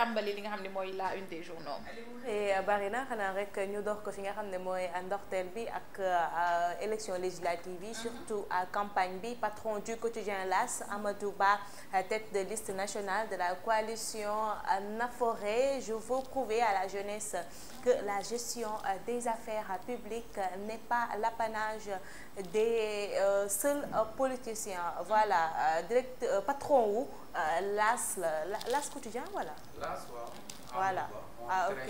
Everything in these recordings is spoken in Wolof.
tàmbali li nga xam ne mooy la une des journaux eh, bari na xanaa rek ñu dox ko fi nga xam ne mooy ndorteel bi ak euh, élection législative yi surtout à campagne bi patron du quotidien L'As Amadou Ba euh, tête de liste nationale de la coalition euh, Naforé je veux prouver à la jeunesse que la gestion des affaires publiques n'est pas l'apanage des seuls politiciens voilà direct patron wu Euh, L'As la L'As quotidien voilà. L'As waaw. voilà ah ok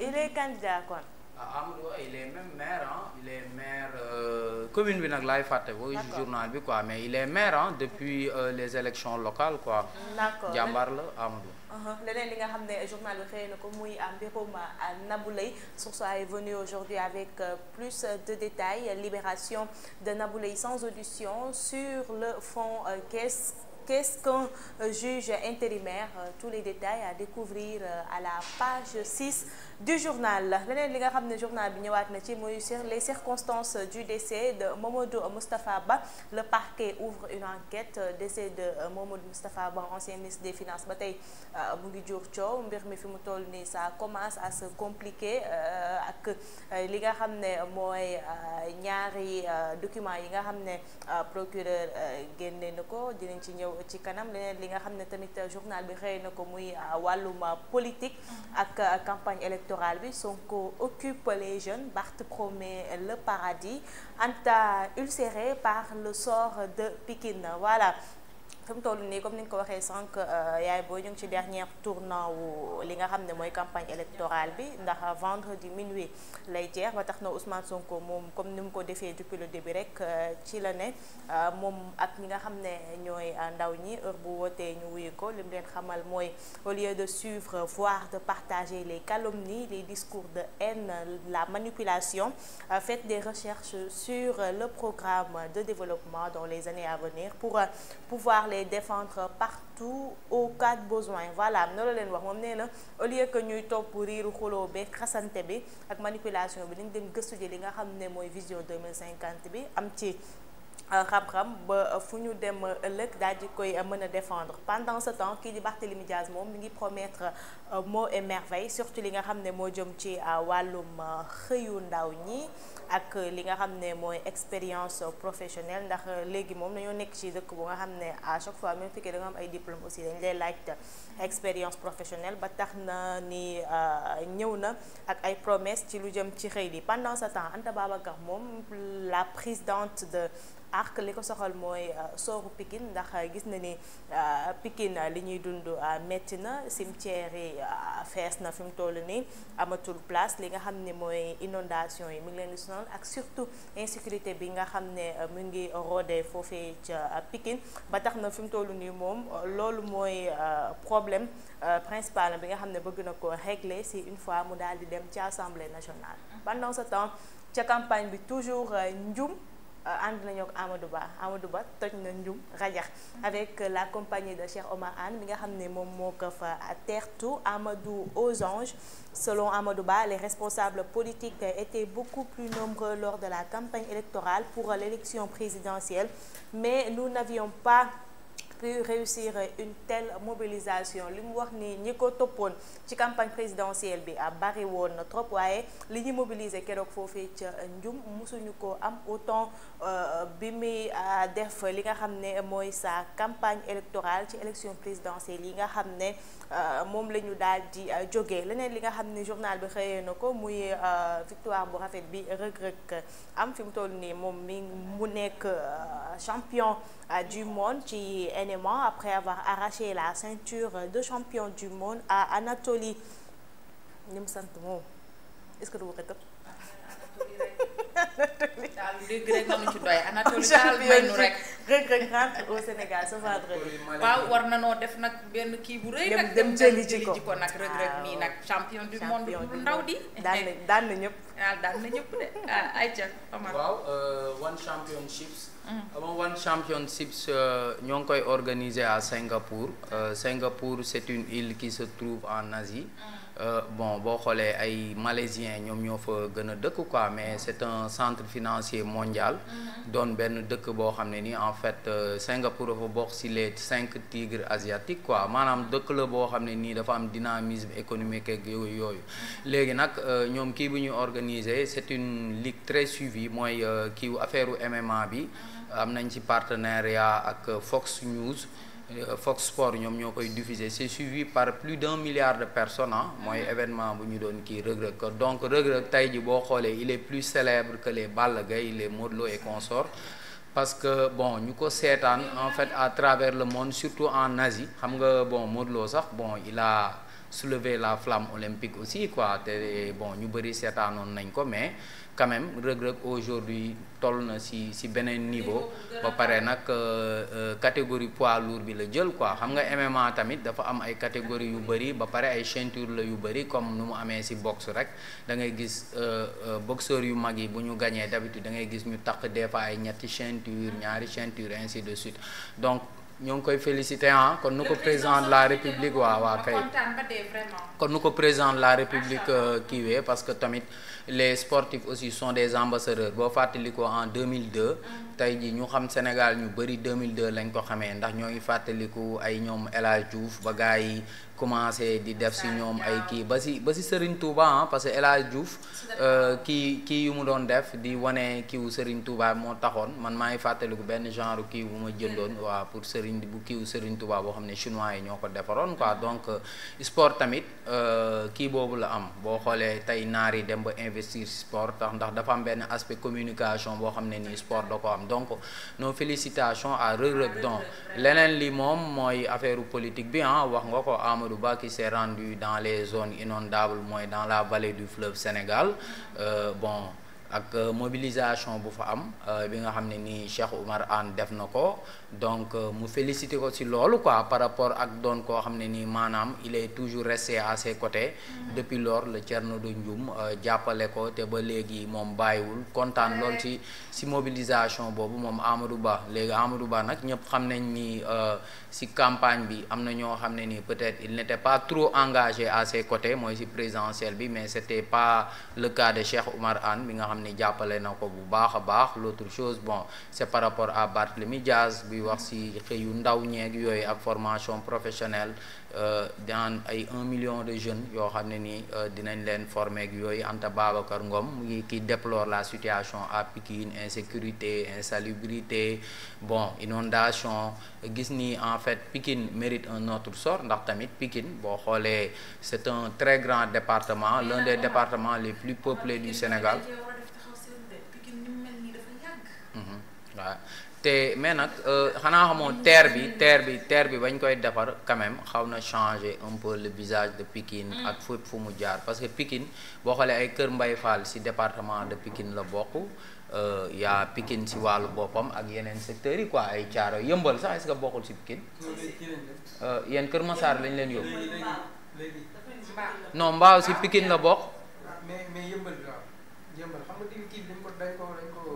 il est candidat kon. Ah, il est même maire il est maire euh, bi nag laay fàtte bo journal bi quoi depuis euh, les élections locales quoi. d'accord la Amadou. Uh-huh. leneen li nga xam ne journal bi xëy na A est venu aujourd'hui avec plus de détails libération de Nabou sans audition sur le fond caisse. qu'est-ce qu'un euh, juge intérimaire euh, tous les détails à découvrir euh, à la page 6 du journal leneen li nga xam ne journal bi ñëwaat na ci muy sur les circonstances du décès de Mamadou Ba le parquet ouvre une enquête décès de Mamadou Moustapha Ba ancien ministre des finance ba tey mu ngi jur coow mbir mi fi mu toll nii sa commence à se compliquer ak li nga xam ne mooy ñaari document yi nga xam ne procureur génne na ko dinañ ci ñëw ci kanam leneen li nga xam ne tamit journal bi xëy na ko muy euh, wàllum euh, politique mm-hmm. ak euh, campagne électorale bi Sonko occupe les jeunes Barth promet le paradis Anta ulcéré par le sort de Pikine voilà fi mu toll nii comme ni nga ko waxee sànq euh, yaay booy ñu ngi ci dernier tournant wu li nga xam ne mooy campagne électorale bi ndax vendredi minuit lay jeex ba tax na Ousmane Sonko moom comme ni mu ko defee depuis le début rek euh, ci la ne euh, moom ak ñi nga xam ne ñooy ndaw ñi heure bu wootee ñu wuyu ko li mu leen xamal mooy au lieu de suivre voire de partager les calomnies les discours de haine la manipulation faites des recherches sur le programme de développement dans les défendre partout au cas de besoin voilà noonu la leen wax moom nee na au lieu que ñuy topp riiru xuloo bi xasante bi ak manipulation bi dañ dem gëstu ji li nga xam ne mooy vision 2050 bi am ci Euh, xam-xam ba euh, fu ñu dem euh, ëllëg daal di koy mën a défendre pendant ce temps kii di Barthélémy Diaz moom mi ngi promettre mots et merveilles surtout li nga xam ne moo jëm ci wàllum xëyu ndaw ñi ak li nga xam ne mooy expérience professionnel ndax léegi moom dañoo nekk ci dëkk bu nga xam ne à chaque fois même fekkee da nga am ay diplôme aussi dañ lay laajte expérience professionnelle ba tax na ni ñëw na ak ay promesse ci lu jëm ci xëy li pendant ce temps Anta moom la présidente de arc li ko soxal mooy euh, sooru pikin ndax gis na ni euh, Pikine li ñuy dund euh, metti na cimetière yi fees na fi mu toll nii amatul place li nga xam ne mooy inondation yi mu ngi leen di ak surtout insécurité bi nga xam ne mu ngi rôde foofee ca Pikine ba tax na fi mu toll nii moom loolu mooy problème principal bi nga xam ne bëgg na ko régler si une fois mu daal di dem ci assemblée nationale mm-hmm. pendant ce temps ca campagne bi toujours njum Euh, ànd nañu ak Amadou Ba Amadou Ba toj na njum rajax avec euh, la compagnie de Cheikh Omar Anne bi nga xam ne moom moo ko fa teertu Amadou aux anges selon Amadou Ba les responsables politiques étaient beaucoup plus nombreux lors de la campagne électorale pour l'élection présidentielle mais nous n'avions pas pu réussir une telle mobilisation li mu wax ni ñi ko toppoon ci campagne présidentielle bi bari woon na trop waaye li ñuy mobiliser keroog foofee ca njum mosuñu ko am autant euh, bi muy euh, def li nga xam ne mooy sa campagne électorale ci élection présidentielle yi nga xam ne Euh, moom la ñu daal di euh, jógee leneen li nga xam ni journal bi xëyee na ko muy euh, victoire bu rafet bi rëg am fi mu toll nii moom mi mu nekk champion du monde ci NMA après avoir arraché la ceinture de champion du monde à Anatoly ñi mu sant moom est-ce du waxee tëb Anatoly daal dégg mel nu rek Reug Reug rentre au Sénégal waaw war na noo def nag benn kii bu rëy nag. dem jëli ji ko jëli ji nag Reug Reug nag champion du monde bu ndaw di. daan na daan na ñëpp. ah daan na ñëpp de ah ayca Omar. Euh, one championships. Mm. Euh, ñoo ngi koy organiser à Singapour. Euh, Singapour c'est une île qui se trouve en Asie. Mm. Euh, bon boo xoolee ay malaisiens ñoom ñoo fa gën a dëkk quoi mais c'est un centre financier mondial. Mm-hmm. doon benn dëkk boo xam ne nii en fait euh, Singapour dafa bokk ci les cinq tigres asiatiques quoi maanaam dëkk la boo xam ne nii dafa am dynamisme économique yooyu mm-hmm. léegi nag euh, ñoom kii bu ñu organiser c'est une ligue très suivie mooy kiiw affaire MMA bi. Mm-hmm. am nañ ci partenariat ak Fox News. Euh, Fox Sport ñoom ñoo koy diffuser c'est suivi par plus d'un milliard de personnes ah mooy mm-hmm. événement bu ñu doon kii Reug Reug donc Reug Reug tey ji boo xoolee il est plus célèbre que les Balla Gaye les Modou et consorts parce que bon ñu ko seetaan en fait à travers le monde surtout en Asie xam nga bon Modou sax bon il a soulevé la flamme olympique aussi quoi te bon ñu bëri seetaanoon nañ ko mais quand même Reug Reug aujourd'hui toll na si si beneen niveau ba pare nag euh, euh, catégorie poids lourd bi la jël quoi xam nga MMA tamit dafa am ay catégorie yu bëri ba pare ay ceinture la yu bëri comme nu mu amee si boxe rek da ngay gis euh, boxeur yu mag yi bu ñu gañee d'habitude da ngay gis ñu taq des fois ay ñetti ceinture ñaari ceinture ainsi de suite donc ñoo ngi koy félicité ah kon nu ko président de la république waaw waaw kay kon nu ko président la république kiiwee parce les sportifs aussi son des ambassadeurs boo fàttali ko en 2002 tey ji ñu xam Sénégal ñu bëri 2002 lañ ko xamee ndax ñoo ngi fàttaliku ay ñoom El Hadj Diouf ba gars yi commencé di def si ñoom ay kii ba si ba si Serigne Touba ah parce que El Hadj Diouf euh, kii kii yu mu doon def di wane kiiwu Serigne Touba moo taxoon man maa ngi fàttaliku benn genre kii bu ma jëndoon waa pour Serigne bu kiiwu Serigne Touba boo xam ne chinois yi ñoo ko defaroon quoi donc euh, sport tamit euh, kii boobu la am boo xoolee tey naar dem ba investir sport tax ndax dafa am benn aspect communication boo xam ne nii sport da ko am donc nos félicitations à Reug Reug donc leneen li moom mooy affaire politique bi ah wax nga ko Amadou Ba qui s'est rendu dans les zones inondables mooy dans la vallée du fleuve Sénégal euh, bon ak euh, mobilisation bu fa am euh, bi nga xam ne nii Cheikh Oumar Anne def na ko donc euh, mu félicité ko ci loolu quoi par rapport ak doon ko xam ne nii maanaam il est toujours resté à ses côtés mm. depuis lors le Thierno du Ndioum euh, jàppale ko te ba léegi moom bàyyiwul kontaan lool ci si mobilisation boobu moom Amadou Ba léegi Amadou Ba nag ñëpp xam nañ ni si euh, campagne bi am na ñoo xam ne nii peut-être il n'était pas trop engagé à ses côtés mooy ci présidentielle bi mais c'était pas le cas de Cheikh Oumar Anne bi nga xam ne jàppale na ko bu baax a baax l'autre chose bon bi wax si xëyu ndaw ñeeg yooyu ak formation professionnelle daan ay un million de jeunes yoo xam ne nii dinañ leen former yooyu Anta Babacar Ngom mu ngi kii déplore la situation à Pikine insécurité insalubrité bon inondation gis ni en fait Pikine mérite un autre sort ndax tamit Pikine boo xoolee c'est un très grand département l'un des départements les plus peuplés du Sénégal waaw te mais nag euh, xanaa xamoo terre bi terre bi terre bi bañ koy defar quand même xaw na changer un peu le visage de pikin mm. ak fépp fu mu jaar parce que pikin boo xoolee ay Kër Mbay Fall ci département de pikin la bokk euh, yaa pikin ci wàllu boppam ak yeneen secteurs yi quoi ay caaro yëmbal sax est-ce que bokkul ci Pikine euh, yéen Kër Massar lañ leen yóbbu non mbaaw ci Pikine la bokk yëmbal xam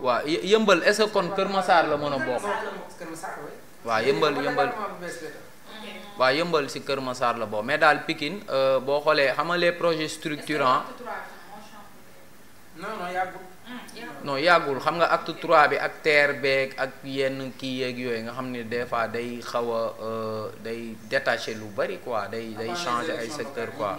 nga kii yëmbal est ce Kër Masar la mën a bokk. Kër yëmbal yëmbal waaw yëmbal si Kër Masar la bokk mais daal Pikine euh, boo xoolee xam projet structurant projets structurants. yàggul. xam nga acte trois bi ak terre beeg ak yenn kii yeeg yooyu nga xam ne des fois day xaw a euh, day détaché lu bari quoi day day changer ay secteur quoi.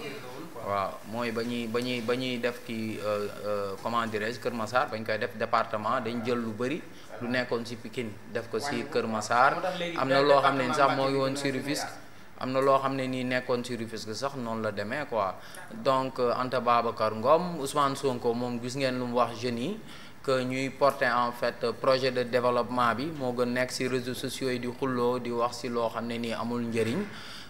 waaw mooy ba ñuy ba ñuy ba ñuy def kii euh, euh, comment dirais-je Kër Massar bañ koy def département dañ jël lu bëri lu nekkoon ci Pikine def ko si Kër Massar am na loo xam ne ni sax moo am na loo xam ne nii nekkoon ci Rufisque sax noonu la demee quoi donc euh, ante Babacar Ngom Ousmane Sonko moom gis ngeen lu mu wax jeunes yi que ñuy porter en fait projet de développement bi moo gën nekk si réseau sociaux yi di xuloo di wax si loo xam ne nii amul njëriñ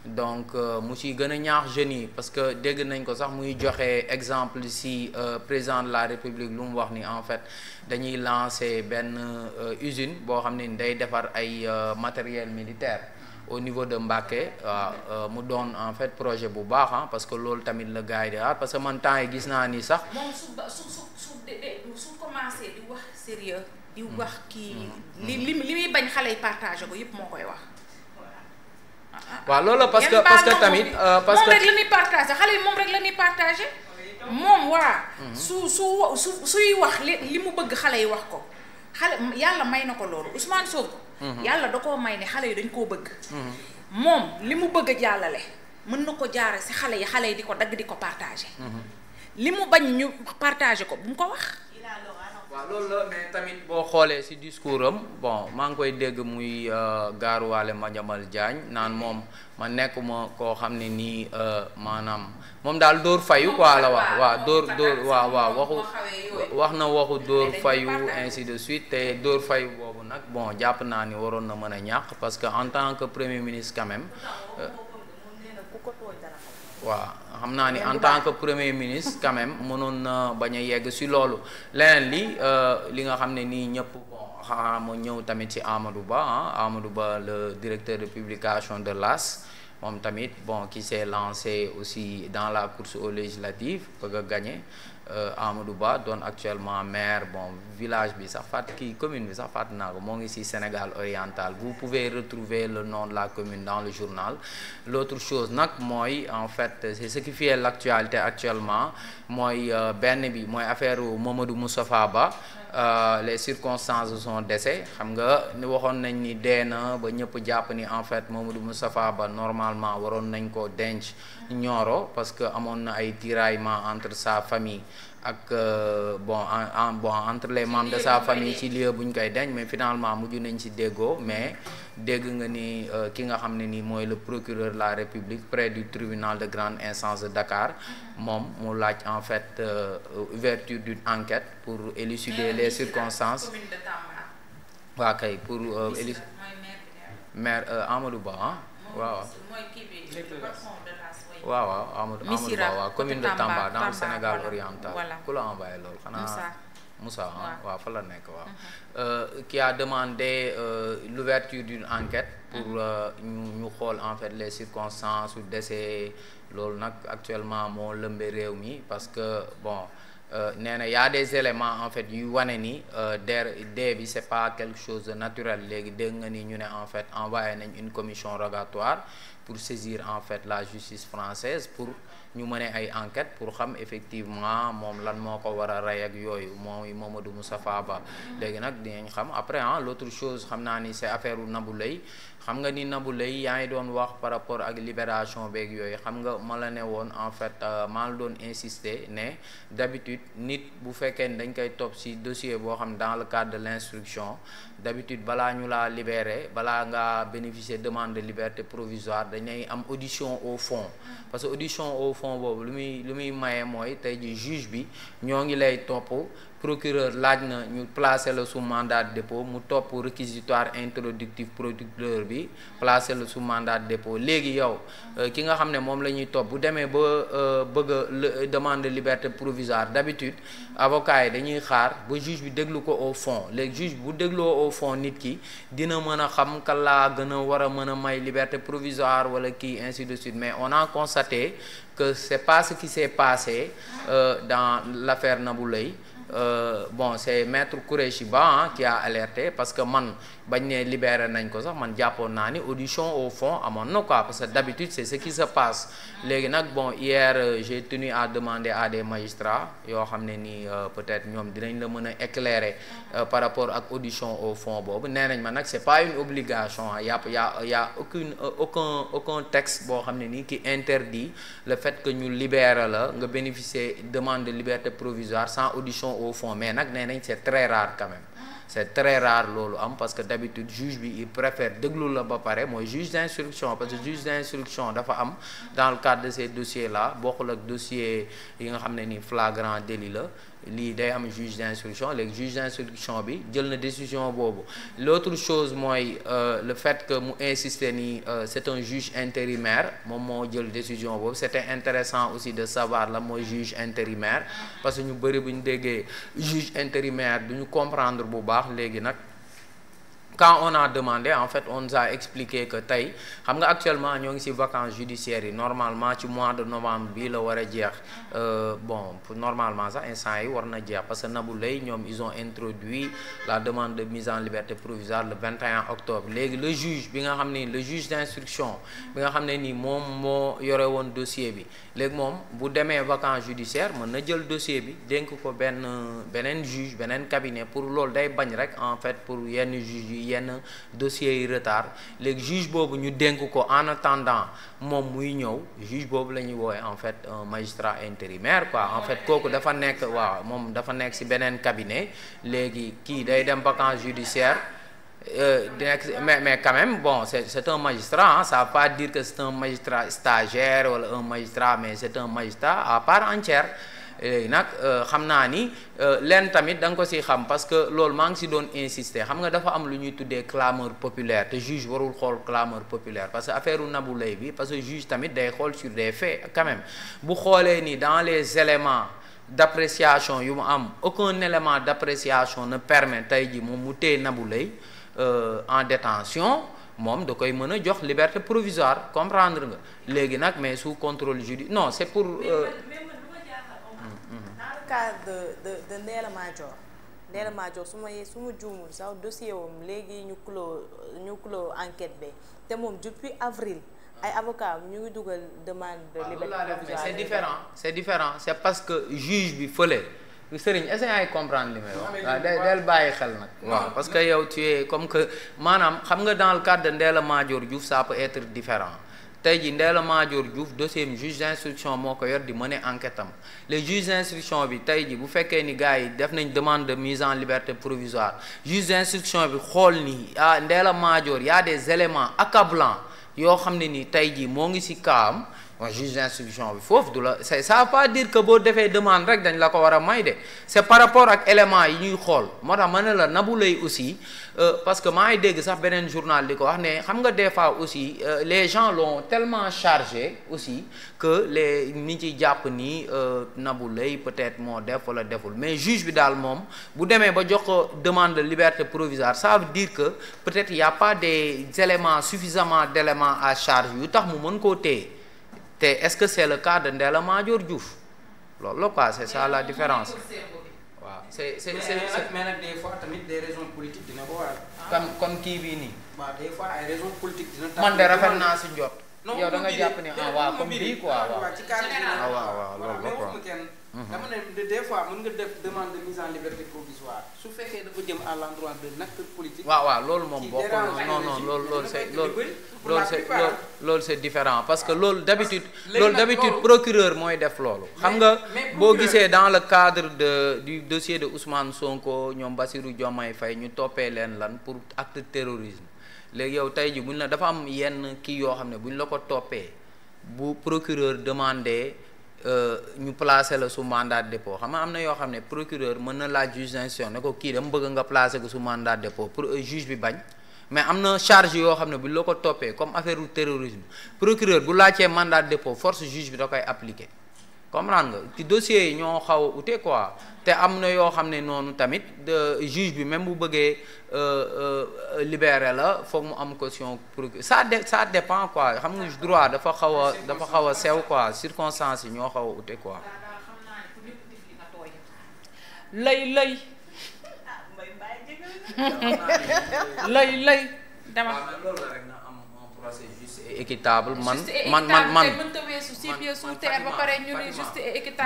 donc euh, mu ciy gën a ñaax jeunes yi parce que dégg nañ ko sax muy joxe exemple si euh, président de la république lu mu wax ni en fait dañuy lancer benn euh, usine boo xam ne day defar ay matériel militaire au niveau de Mbacké waaw mu doon en fait projet bu baax am parce que loolu tamit la gars yi di parce que man temps yi gis naa ni sax. moom su su su su commencé di wax sérieux di wax kii hmm. li li muy bañ xale yi partagé ko yëpp moo koy wax. waaw loolu la parce que parce que tamit euh, parce que moom rek la ñuy moom la ñuy partagé waa mhm. su su su suy wax li li mu bëgg xale yi wax ko xale yàlla may na ko loolu Ousmane Sonko mhm. yàlla da koo may ne xale yi dañ koo bëgg mhm. moom li mu bëgg a jàllale mën na ko jaare si xale yi xale yi di ko dagg di ko partagé li mu bañ ñu partagé ko bu mu ko wax waaw boo xoolee si discours am bon maa ngi koy dégg muy euh, gaaruwaale Madiambal Diagne naan moom ma nekkuma ma koo xam ne nii euh, maanaam moom daal dóor fayu quoi la wax waaw dóor dóor waaw waaw waxu wax na waxu dóor fayu ainsi de suite te dóor fayu boobu nag bon jàpp naa ni waroon na mën a ñàkk parce que en tant que premier ministre quand waaw xam naa ni en tant que premier ministre quand mënoon na bañ a yegg si loolu leneen li euh, li nga xam ne nii ñëpp bon xanaa ñëw tamit ci Amadou Ba ah Amadou Ba le directeur de publication de l'AS moom tamit bon qui s'est lancé aussi dans la course aux législatives bëgg a gagner Euh, Amadou Ba doon actuellement maire bon village bi sax fat kii commune bi sax fàtt naa ko moo ngi si Sénégal oriental vous pouvez retrouver le nom de la commune dans le journal l'autre chose nag mooy en fait c'est ce qui fait l'actualité actuellement mooy euh, benn bi mooy affaire Mamadou Moustapha Ba Euh, les circonstances de son décès xam nga ni waxoon nañ ni dee na ba ñëpp jàpp ni en fait Mamadou Moustapha Ba normalement waroon nañ ko denc Nioro parce que amoon na ay tiraillement entre sa famille ak euh, bon en bon entre les membres de sa famille ci lieu buñ koy denc mais finalement mujj nañ si déggoo mais dégg nga ni euh, ki nga xam ne ni mooy le procureur la République près du tribunal de grande instance de Dakar mm-hmm. moom mu laaj en fait euh, ouverture du enquête pour élucider euh, les circonstances waa kay pour élu maire Amadou Ba ah waaw waaw waaw Amadou Amadou Ba waaw commune de Tamba dans le Sénégal oriental ku la envoyé loolu xanaa Moussa waaw fa la nekk waaw. Mhm. Euh, qui a demandé euh, l'ouverture d'une enquête. pour mhm. euh, ñu ñu xool en fait les circonstances du décès loolu nag actuellement moo lëmbee réew mi parce que bon. Euh, nee na y des éléments en fait yu wane ni euh, der dee bi c'est pas quelque chose de naturel léegi dégg nga ni ñu ne en fait envoyé nañ une commission rogatoire pour saisir en fait la justice française pour ñu mëne ay enquête pour xam effectivement moom lan moo ko war a rey ak yooyu moom mooy Mamadou Moustapha Ba mm-hmm. léegi nag dinañ xam après ah l'autre chose xam naa ni c'est affaire u Nabou Leye xam nga ni nabu lay yaa ngi doon wax par rapport ak libération beeg yooyu xam nga ma la ne woon en fait euh, maa la doon insister ne d'habitude nit bu fekkee ni dañ koy topp ci dossier boo xam dans le cadre de l'instruction d'habitude balaa ñu laa libérer balaa ngaa bénéficier demande de liberté provisoire am audition au fond mm-hmm. fonds boobu lu muy lu muy maye mooy tey ji juge bi ñoo ngi lay topp procureur laaj na ñu placer la sous mandat de dépôt mu topp réquisitoire introductif procureur bi placer la sous mandat de léegi yow euh, ki nga xam ne moom la ñuy topp bu demee ba euh, bëgg a demande liberté provisoire d'habitude avocat yi dañuy xaar ba juge bi déglu ko au fond léegi juge bu dégloo au fonds nit ki dina mën a xam kan laa gën a war a mën a may liberté provisoire wala kii inside de suite mais on a constaté que c'est pas ce qui s'est passé euh, dans l'affaire Nabou Leye euh, bon c'est maître Kourechi Ba qui a alerte parce que man bañ ne libéré nañ ko sax man jàppoon naa ni audition au fond amoon na quoi parce que d'habitude c'est ce qui sa passe léegi nag bon hier euh, j'ai tenu à demander à des magistrats yoo xam ne nii euh, peut-être ñoom dinañ la mën a éclairer euh, par rapport ak audition au fond boobu nee nañ ma nag c'est pas une obligation y a y a y a aucun aucun texte boo xam ne nii qui interdit le fait que ñu libéré la nga bénéficier demande de liberté provisoire audition au fond mais nag nee nañ c'est très rare quand même c'est très rare loolu am parce que d'habitude juge bi il préfère déglu la ba pare mooy juge d'instruction parce que juge d'instruction dafa am dans le cadre de ces dossiers là bokkul ak dossier yi nga xam ne ni flagrant délit la lii day am juge d'instruction léegi juge d'instruction bi jël na décision boobu l'autre chose mooy euh, le fait que mu insister ni euh, c'est un juge intérimaire moom moo jël décision boobu c'était intéressant aussi de savoir la mooy juge intérimaire parce que ñu bëri bu ñu déggee juge intérimaire du ñu comprendre bu baax léegi nag quand on a demandé en fait on nous a expliqué que tey xam nga actuellement ñoo ngi ci vacances judiciaires yi normalement ci mois de novembre bi la war a jeex euh, normalement sax instant yi war na jeex parce que Nabou Leye ñoom ils ont introduit la demande de mise en liberté provisoire le 21 octobre léegi le juge bi nga xam ne le juge d'instruction bi nga xam ne nii moom moo yore woon dossier bi léegi moom bu demee vacances judiciaires mën na jël dossier bi dénk ko benn beneen juge beneen cabinet pour loolu day bañ rek yenn dossiers yi retard léegi juge boobu ñu dénk ko en attendant moom muy ñëw juge boobu la ñuy woowee en fait un magistrat intérimaire quoi en fait kooku dafa nekk waaw moom dafa nekk ci beneen cabinet léegi kii day dem vacance judiciaire Euh, mais mais quand bon c'est c'est un magistrat hein, ça veut pas dire que c'est un magistrat stagiaire wala un magistrat mais c'est un magistrat à part entière léegi nag euh, xam naa ni euh, leen tamit da ko si xam parce que loolu maa ngi si doon insister xam nga dafa am lu ñuy tuddee clameur populaire te juge warul xool clameur populaire parce que affaire u Nabou Leye bi parce que juge tamit day xool sur des faits quand même bu xoolee nii dans les éléments d'appréciation yu mu am aucun élément d'appréciation ne permet tey ji moom mu téye Nabou Leye euh, en détention moom da koy mën a jox liberté provisoire comprendre nga nag cas de de de Ndella Madior Ndella Madior su ma yee su ma juumul sax dossier léegi ñu clos ñu clos enquête bi te moom depuis avril ay avocat ñu ngi dugal demande de ah, liberté provisoire c'est différent c'est parce que juge bi fële sëriñ est-ce que ay comprendre li may ah, del bàyyi xel nag waaw parce que yow tu comme que maanaam xam nga dans le cadre de Ndella Madior Diouf ça peut être différent tey ji Ndella Madior Diouf dossier juge d'instruction moo ko yor di mener enquête am les juge d'instruction bi tey ji bu fekkee ni gars yi def nañ demande de mise en liberté provisoire juge d'instruction bi xool ni ah Ndella Madior y des éléments accablants yoo xam ne ni tey ji moo ngi ci kaam on juge d'instruction bi foofu du la c'est ça pas dire que boo defee demande rek dañ la ko war a may de c'est par rapport ak élément yi ñuy xool moo tax ma ne la Nabou Leye aussi euh, parce que maa ngi dégg sax beneen journal di ko wax ne xam nga des fois aussi euh, les gens l'ont tellement chargé aussi que les ni ci jàpp nii euh, Nabou Leye peut-être moo def wala deful mais juge bi daal moom bu demee ba jox ko demande de liberté provisoire ça veut dire que peut-être y a pas des éléments suffisamment à charge yu tax mu mën koo téye te est-ce que c'est le cas de Ndella Madior Diouf loolu la quoi c'est ça la différence waaw c'est c'est c'est mais nag fois tamit des raisons politiques dina ko waral ah. comme comme kii bii nii man de rafet naa si njot yow da jàpp ne ah waaw comme bii quoi waaw waaw ah, waaw loolu la quoi Mhm. dama ne fois mën su fekkee dafa waaw waaw loolu moom bokk non non loolu loolu c'est loolu loolu c'est loolu différent parce que loolu d'habitude loolu d'habitude procureur mooy def loolu xam nga boo gisee dans le cadre de du dossier de Ousmane Sonko ñoom Bassirou jommay Faye ñu toppee leen lan pour acte terrorisme léegi yow tey ji buñ la dafa am yenn kii yoo xam ne buñ la ko toppee bu procureur demandé Euh, ñu placé la su mandat de dépôt xam nga am na yoo xam ne procureur mën na laaj juge d'instruction ne ko kii dama bëgg nga placé ko su mandat de dépôt pour juge bi bañ mais am na charge yoo xam ne bu loo ko toppee comme affaire terrorisme procureur bu laajtee mandat de force juge bi da koy appliquer comprendre nga ti dossiers yi ñoo xaw a ute quoi te am na yoo xam ne noonu tamit de juge bi même bu bëggee euh, euh, libéré la foog mu am caution procureur ça de sa dépend quoi xam nga droit dafa xaw a dafa xaw a sew quoi circonstances yi ñoo xaw a ute quoi. lay lay. lay lay. dama. équitable man man man man. ci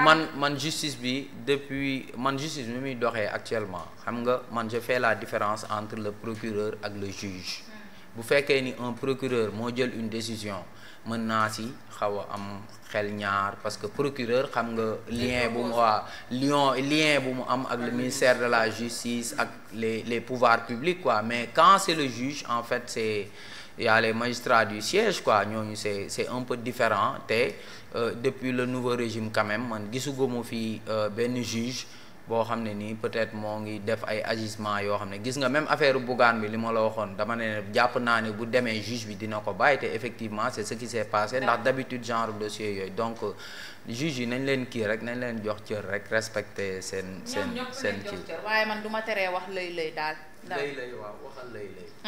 man man justice bi depuis man justice bi muy doxee actuellement xam nga man je fais la différence entre le procureur ak le juge hmm. bu fekkee ni un procureur moo jël une décision mën naa si xaw a am xel ñaar parce que procureur xam nga lien bu mu waa lion lien bu mu am ak le ministère de la justice ak les les pouvoirs publics quoi mais quand c'est le juge en fait c'est il y a les magistrats du siège quoi ñooñu c'est c'est un peu différent te euh, depuis le nouveau régime quand même man gisuguma fi euh, benn juge boo xam ne nii peut-être moo ngi def ay agissement yoo xam ne gis nga même affaire Bougane bi li ma la waxoon dama ne jàpp naa ne bu demee juge bi dina ko bàyyi te effectivement c'est ce qui s'est passé ndax d'habitude genre dossier yooyu donc euh, juge yi nañ leen kii rek nañ leen jox cër rek respecter seen seen seen kii waaye man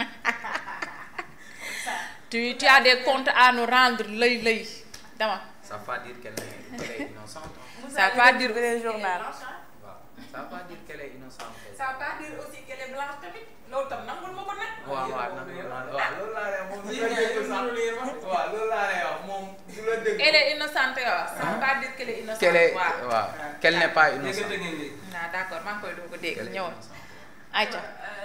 tu tu as des comptes à nous rendre lëy lëy dama. ça dire qu'elle est innocente. ça veut pas dire le journal. ça veut pas dire qu'elle dire aussi qu'elle est blanche tamit loolu tam nangul waaw waaw ah. loolu laa lay moom du d'accord maa ngi koy doog a dégg ñëw. ayca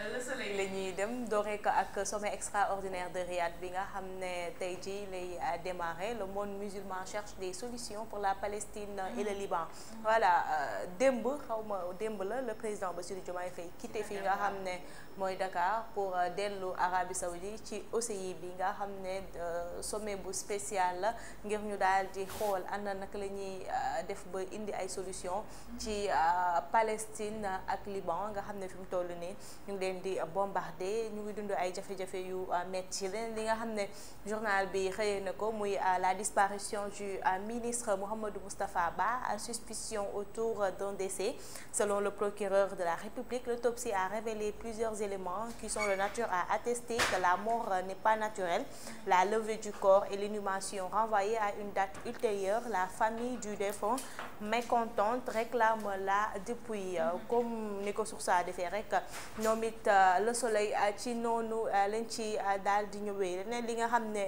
le euh, soleil la ñuy dem dooree ko ak sommet extraordinaire de Riyad bi nga xam ne tey jii lay euh, démarrer le monde musulman cherche des solutions pour la Palestine et le Liban. voilà euh, demb xaw ma démb la le président Bassirou Diomaye Faye quitté fii nga xam ne. mooy Dakar pour euh, dellu Arabie Saoudite ci OCI bi nga xam ne euh, sommet bu spécial la ngir ñu daal di xool na naka la ñuy euh, def ba indi ay solution ci Palestine ak Liban nga xam ne fi mu toll nii ñu ngi leen di bombardé ñu ngi dund ay jafe-jafe yu metti leneen li nga xam ne journal bi xëyee na ko muy à la disparition du ministre Mouhamadou Moustapha Ba à suspicion autour d'un décès selon le procureur de la République l'autopsie a révélé plusieurs éléments qui sont de nature à attester que la mort euh, n'est pas naturelle. La levée du corps et l'inhumation renvoyée à une date ultérieure, la famille du défunt mécontente réclame la depuis euh, comme ni ko source a defee rek ñoom it euh, le soleil ci noonu lañ ci daal di ñëwee leneen li nga xam ne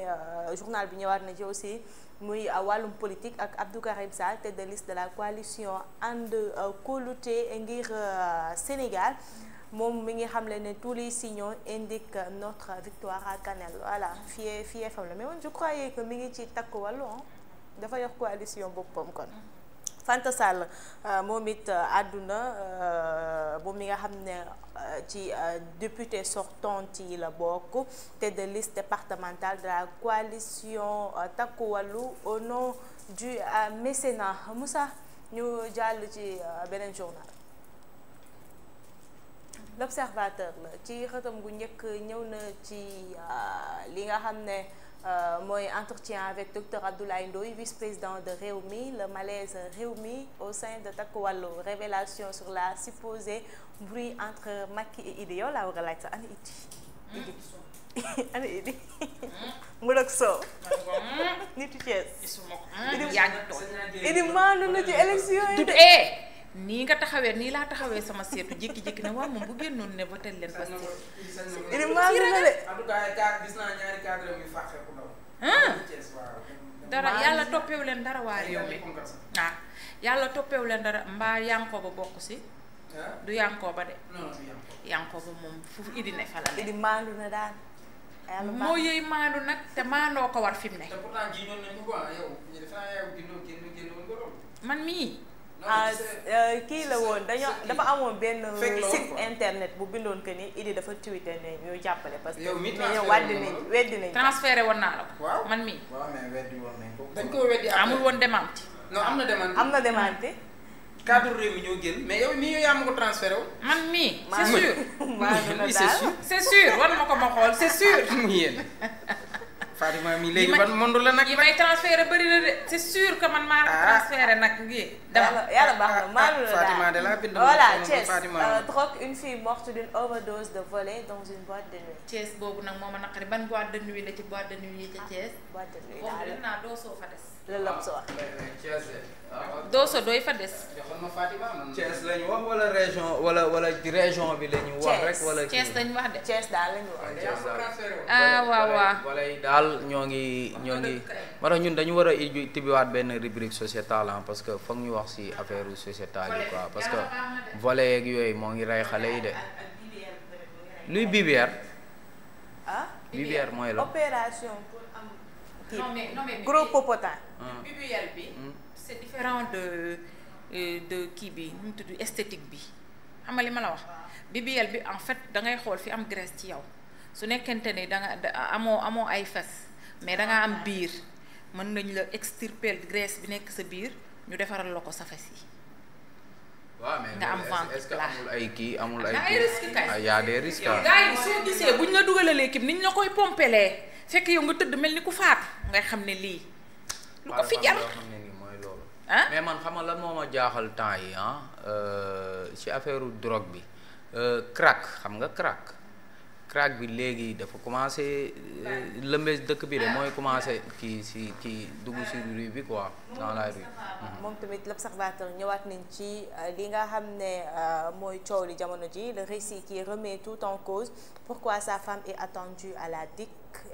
journal bi ñëwaat na ci aussi muy wàllum politique ak Abdou Karim Sall tête de liste de la coalition And Kóolute ngir Sénégal moom mi ngi xamle ne tous les signaux indiquent notre victoire à Kanel voilà fii fii FM la mais man je croyais que mi ngi ci takku wàllu dafa yor coalition boppam kon. Fanta Sall euh, moom it euh, àdduna bu euh, mi nga xam ne ci député sortante yi la bokk tête de liste départementale de la coalition Takku Wallu au nom du mécénat Moussa ñu jàll ci beneen journal l'observateur la ci xëtam gu njëkk ñëw na ci euh, li nga xam ne euh, mooy entretien avec docteur Abdoulaye Ndoye vice-président de Rewmi le malaise Rewmi au sein de Takku Wallu révélation sur la supposée bruit entre Macky et Idy yow laa war a laaj sax ana Idy hmm? Idy hmm? ana Idy mu nag soow hmm? nitu Thiès na ci élection yi nii nga taxawee nii laa taxawee sama seetu jékki-jékki ne waaw moom bu génnoon ne voté leen parce que. gis naa ñaari cadre yu fàqee ku ndaw. Ah! dara yàlla toppewu leen dara waa réew mi ah, yàlla toppeew leen dara mbaa yankoo ba bokk si. du yankoo ba de. yankoo ba moom fu idi ne fa la ne. idi maandu moo yëy maandu nag te maandoo ko war fi ne. Ah, man mii. Ah, ah, euh, kii la woon dañoo dafa amoon benn site internet bu bindoon que ni Idy dafa tweeté ne ñu jàppale parce que ñëw wàddi nañ weddi nañ transféré woon naa la ko waaw man mii waaw mais weddi woon nañ amul woon démenti non am na démenti am na démenti cadre réew mi ñoo génn mais yow mii yaa ma ko transféré wu man mii c'est sûr c'est sûr war na ma ko ma xool c'est sûr yéen Fatima mi léegi ban monde la nag. yi may transféré bëri na de c'est sûr que man maa la ah. transféré nag ngi. dama yàlla baax na ah, ah, maalu la Fatima bind. voilà Thiès euh, drogue une fille morte d'une overdose de volet dans une boîte de nuit. Thiès boobu nag moo ma naqari ban boîte de nuit la ci boîte de nuit yi ca Thiès. boîte de nuit daal naa doo fa des. loolu la mos fa des. Thiès lañu wax wala région wala wala région bi lañu wax rek wala Thiès lañu wax de. Thiès daal lañu wax. ah waaw daal ñoo ngi ñoo ngi. moo tax ñun dañu war a tibbiwaat benn rubrique sociétale ah parce que foog ñu wax ci affaire sociétale yi quoi parce que volet yooyu moo ngi rey xale yi de. luy bibière. ah mooy la kii gros popotin. BBL bi c'est différent de euh, kii bi mu tudd esthétique bi xam ma la wax BBL bi en fait da ngay xool fi am graisse ci yow su nekkente ne da amoo amoo ay fes mais da nga am biir mën nañ la extirper graisse bi nekk sa biir ñu defaral la ko sa fes yi. waaw mais nga am vente est-ce que amul ay kii amul ah, ay. kii ah, y a des risques. Ah. gars yi soo gisee buñ la dugalee l'équipe niñ la koy pompelee. fekk yow nga tëdd mel ni ku faat ngay xam ne lii lu ko fi jar ah? mais man xam nga lan moo jaaxal temps yi ah euh, ci affaire drogue bi euh, crack xam nga crack crack bi léegi dafa commencé euh, lëmbee dëkk bi de mooy commencé kii si kii dugg si rue bi quoi dans la rue moom tamit l'observateur ñëwaat nañ ci li nga xam ne mooy coow li jamono ji le récit qui remet tout en cause pourquoi sa femme est attendue à la DIC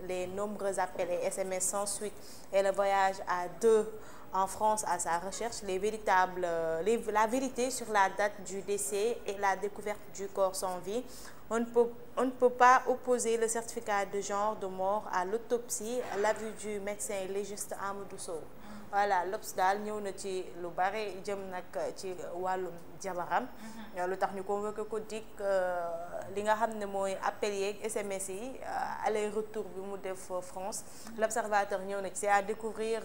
les nombreux appels et SMS sans suite et le à deux en France à sa recherche les véritables euh, les, la vérité sur la date du décès et la découverte du corps sans vie on ne peut on ne peut pas opposer le certificat de genre de mort à l'autopsie l'avis du médecin légiste voilà L'Obs daal ñëw na ci lu bari jëm nag ci wàllum jabaram mm-hmm. euh, lu tax ñu convoqué ko dikk euh, li nga xam ne mooy appel yeeg SMS yi euh, aller retour bi mu def France mm-hmm. L'Observateur ñëw na ci c'est à découvrir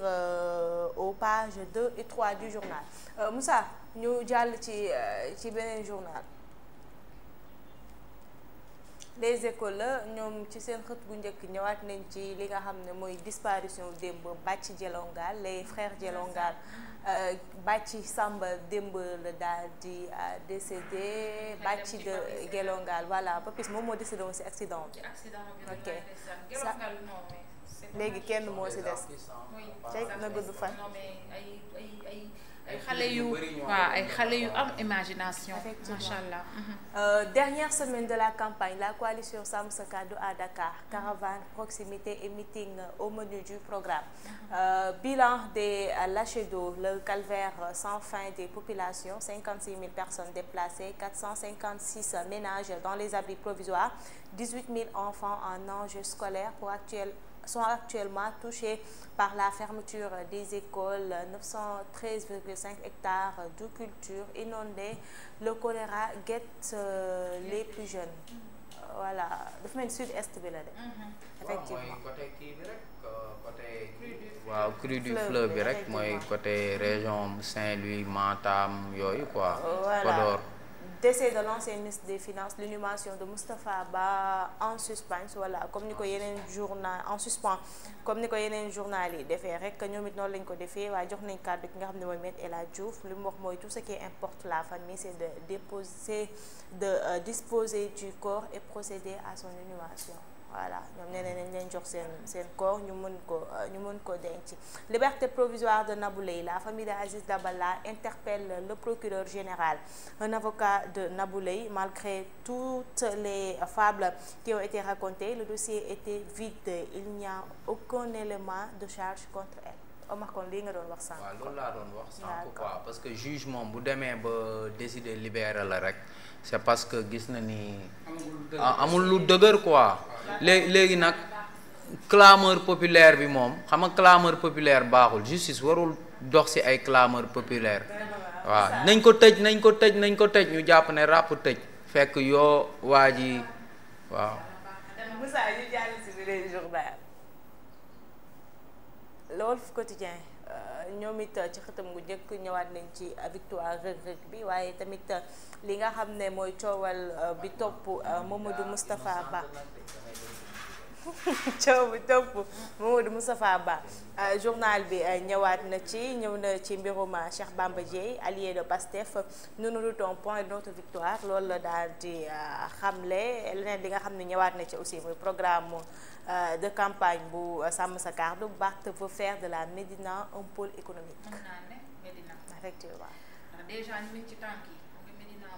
aux pages 2 et 3 du journal Moussa ñu jàll ci ci beneen journal les écoles la ñoom ci seen xët gu njëkk ñëwaat nañ ci li nga xam ne mooy disparition démb bàcc jelongaal les frères jelongaal euh, bàcc samba démb la daal di euh, décédé bàcc de gelongaal voilà papis moom moo décédé woon si accident bi ok léegi kenn moo si des tey na gudd fan ay xale yu waaw ay xale yu am imagination. macha allah. Euh, dernière semaine de la campagne la coalition Sàmm Sa à Dakar caravane proximité euh, au menu du programme. Mhm. Euh, bilan des euh, lâchers d'eau le calvaire euh, sans fin des populations 56 000 personnes déplacées 456 ménages dans les abris provisoires 18 000 enfants en âge scolaire pour actuel. sont actuellement touchés par la fermeture des écoles, 913,5 hectares de culture inondés, le choléra guette euh, les plus jeunes. voilà dafa mel sud-est bi la mhm. effectivement waaw mooy bi rek euh, crue du fleuve bi rek mooy côté région Saint-Louis Matam yooyu quoi. voilà décès de l'ancien ministre des finance l'inhumation de Moustapha Ba en suspens voilà comme ni ko yeneen journal en suspens comme ni ko yeneen journal yi defee rek ñoom it noonu lañ ko defee waaye jox nañ kàddu nga xam ne mooy Me El Hadji Diouf li mu wax mooy tout ce qui importe la famille c'est de déposer de euh, disposer du corps et procéder à son inhumation voilà ñoom nee nañ leen jox seen seen corps ñu mën ko euh, ñu mën ko denc liberté provisoire de Nabou la famille de Aziz Dabala interpelle le procureur général un avocat de Nabou malgré toutes les fables qui ont été racontées le dossier était vide il n'y a aucun élément de charge contre elle Omar kon lii nga doon wax sànq. waaw loolu laa doon wax sànq quoi parce que juge moom bu demee ba décider libérer la rek c'est parce que gis na ni. Ah, amul lu dëgër quoi. léegi léegi nag clameur populaire bi moom xam nga clameur populaire baaxul justice warul dox ci ay clameur populaire. waaw nañ ko tëj nañ ko tëj nañ ko tëj ñu jàpp ne ràpp tëj fekk yoo waa ji waaw. le Walf Quotidien euh, ñoom it ci xëtam bu njëkk ñëwaat nañ ci victoire rëg-rëg bi waaye tamit li nga xam ne mooy coowal euh, bi topp euh, Mamadou Moustapha Ba coow bi topp Mamadou Moustapha Ba euh, journal bi euh, ñëwaat na ci ñëw na ci mbirum euh, Cheikh Bamba Dièye allié de Pastef nous nous luttons point de notre loolu la daal di xamle leneen li nga xam ne ñëwaat na ci aussi muy programme de campagne bu sàmm sa kàddu Barth veut faire de la Médina un pôle économique. Médina.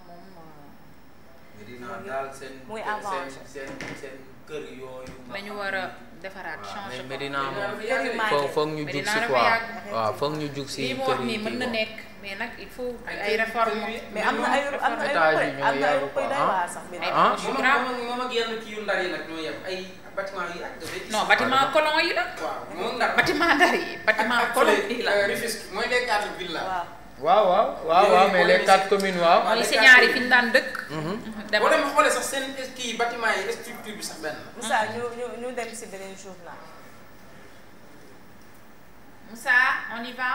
moom. muy avancé kër yooyu. ba ñu war a defaraat changer. mais dina moom foog ñu jug si quoi waaw foog ñu jug si. kër yi mën na nekk mais nag il faut ay réformes. mais am na ay am na ay am na ay koy day ah? waa sax. ah moom ak yenn kii yu ndar yi nag ñoo yem ay bâtiment yi ak. non colon yi la. waaw ndar yi. bâtiment colon yi la euh, waaw waaw mais les quatre waaw. mooy si ñaari dëkk. dem boo demee xoolee sax seen kii bâtiment yi bi sax benn. Moussa ñu ñu dem si beneen journal. Moussa on y va.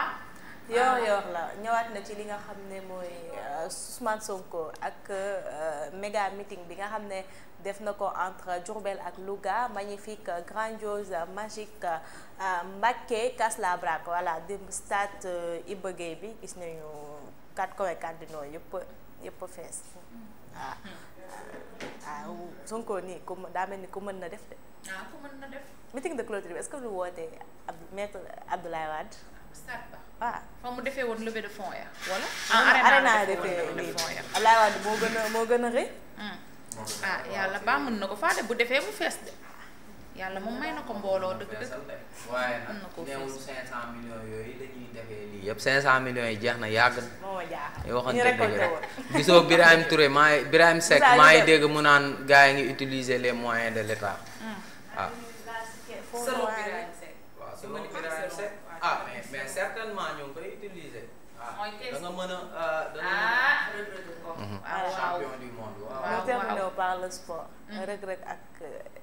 yoor ah. la ñëwaat na ci li nga xam ne mooy euh, Ousmane Sonko ak euh, méga meeting bi nga xam ne def na ko entre Diourbel ak Louga magnifique grandiose magique euh, Mbacké Casablanca voilà démb stade Iba Gueye bi gis nañu quatre candidats yëpp yëpp fees. Mm. Ah, ah, ah, ah Sonko nii ku daa mel ni ku mën na def de. ah ku mën na def. meeting de clôture bi est-ce que lu wootee ab maître Abdoulaye mu defee woon levée de fonds ya. wala ah arena defee levée de fonds ya. moo gën a moo gën a rëy. Hmm. ah yàlla baa mën na ko faa bu defee mu fees de. yàlla moom may na ko mbooloo dëgg dëgg. waaye nag neewul 500 millions yooyu la defee lii yëpp 500 millions yi jeex na yàgg na. waxante dëgg rek gisoo Birahim Touré maa ngi Birahim Seck maa ngi dégg mu naan gars yi ngi utiliser les moyens de l'État waaw mm. ah. selon Birahim Seck waaw selon Birahim Seck ah mais mais certainement ñoo ngi koy utiliser waaw ah, da nga mën a ah, da nga mën a mhm. champion du monde waaw waaw on termine par le sport Reug mm. Reug ak euh,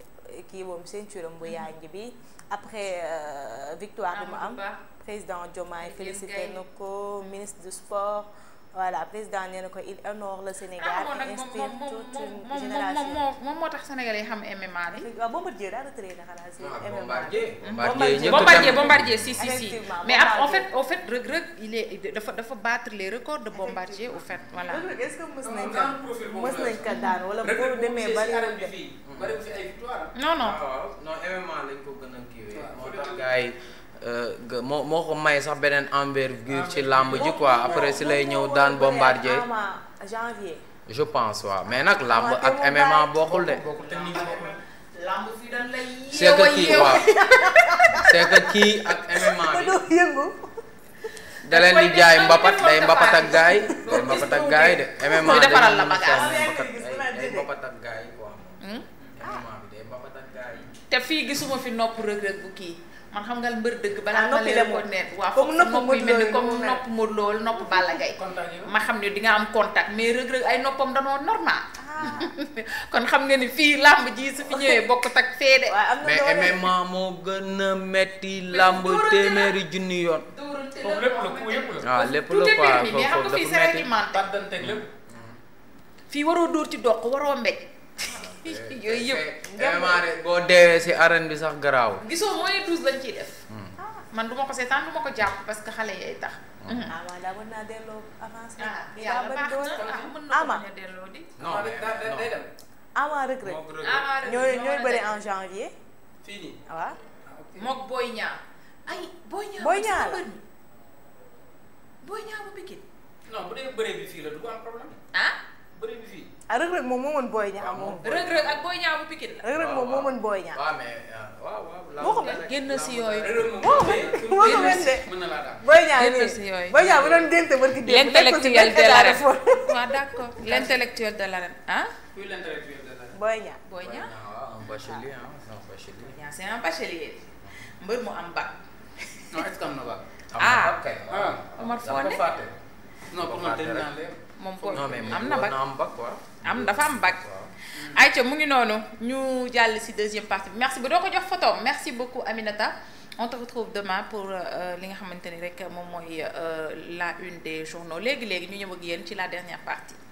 kii woom ceinture am bu mhm. bi après euh, victoire bi ah, mu am président Diomaye félicité na ko ministre du sport voilà président nee na ko il honore le Sénégal. Ah, et inspire toute une génération moom moo tax Sénégal yi xam MMA bi. waaw Bombardier daal retraité na xanaa si ah, MMA. Bombardier Bombardier si si si. mais en fait en fait Reug Reug il est dafa dafa battre les records de Bombardier au fait voilà. est ce que mës nañ ko mës nañ ko daan wala bu demee bari non non ah, non MMA lañ ko gën a kiiwee moo tax gars yi Euh, moo moo ko may sax beneen envergure ci làmb ji quoi après si lay ñëw daan bombardier janvier je pense waaw mais nag làmb ak MMA bokkul de. làmb fii kii waaw c'est kii ak MMA bi da leen di jaay mbapat day mbapat ak gaay day mbapat ak gaay de MMA hmm? bi day mbapat ak gaay te fii gisuma fi nopp rëg-rëg bu kii man xam nga mbër dëgg. balaa ma ah, leen ko nekk waaw foog nopp yi mel nopp Modou Lo nopp Balla Gaye ma xam ne di nga am contact mais Reug Reug ay noppam danoo normal. Ah. kon xam nga ni fii làmb ji su fi ñëwee bokkut ak fee de. mais moo gën a metti làmb téeméeri junni yoon. foofu lépp la ku yëpp la. waaw ah, lépp la fii waroo dóor ci doq waroo mbéj. yooyu yëpp vraiment de boo deewee si arène bi sax garaaw. gisoo mooy douze lañ ciy def. Hmm. Ah. man du ma ko seetaan du ma ko jàpp parce que xale yay tax. Hmm. Hmm. ah voilà mën naa delloo avance. ah yàlla baax na ah mën na delloo di. non non day dem. Ama Reug Reug ñooy ñooy bëri en janvier. fii nii ah, waaw. Ah, moog Boy Niang. ay Boy Niang Boy Niang la Boy Niang bu Pikine. non bu dee bëree bi fii la du ko am problème. ah. bëri na fii. Ah, moom moo mën Boy Niang moom. Reug Reug ak Boy Niang bu Pikine la. Reug Reug moom moo mën Boy Niang. waaw mais ah, waaw waaw. boo ko mën génn si yooyu. waaw boo ko mën de. mën na laa daan mu am bac. ah moom ko am na bac am dafa am bac ayca mu ngi noonu ñu jàll ci deuxième partie bi merci bu doo ko jox photo merci beaucoup Aminata on te retrouve demain pour euh, li nga xamante ni rek moom mooy euh, la une des journaux léegi léegi ñu ñëw ak yéen ci la dernière partie